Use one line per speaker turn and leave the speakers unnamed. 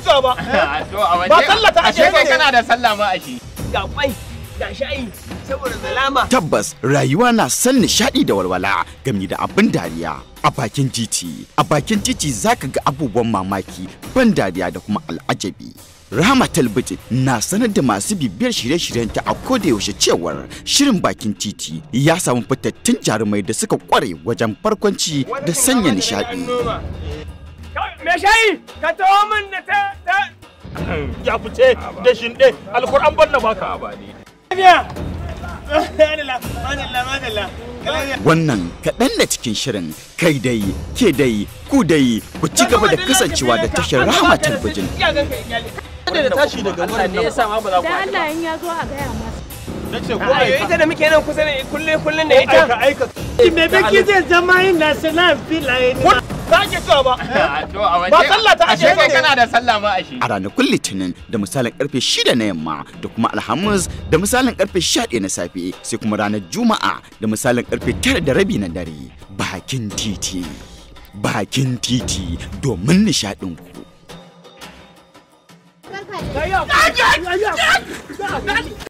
ta ake kana da sallah ma Ga kwai, ga saboda Tabbas rayuwa na san nishaɗi da walwala gami da abin dariya. A bakin titi, a bakin titi za ka ga abubuwan mamaki ban dariya da kuma al'ajabi. Rahama Talbiti na sanar da masu bibiyar shirye shiryen ta a yaushe cewar shirin bakin titi ya samu fitattun jarumai da suka kware wajen farkonci da sanya nishaɗi. Me shayi ka taho min da ta ta ya fice da shinde alkur'an banna baka ba ni. Wannan kaɗan da cikin shirin kai dai, ke dai, ku dai, ku ci gaba da kasancewa da tashar Rahama Talbijin. Da tashi daga wurin nan. Da Allah in ya zo a gaya masa. Nace ko ai ita da muke nan kusa ne kullun kullun ne ita. Aika aika. Me biki zai zama yin national filaye ba ake cewa ba ba sallah ta ake kai kana da sallah ma ashe a ranakun litinin da misalin karfe 6 na yamma da kuma alhamis da misalin karfe 11 na safe sai kuma ranar juma'a da misalin karfe 9 da rabi na dare bakin titi bakin titi domin nishadin ku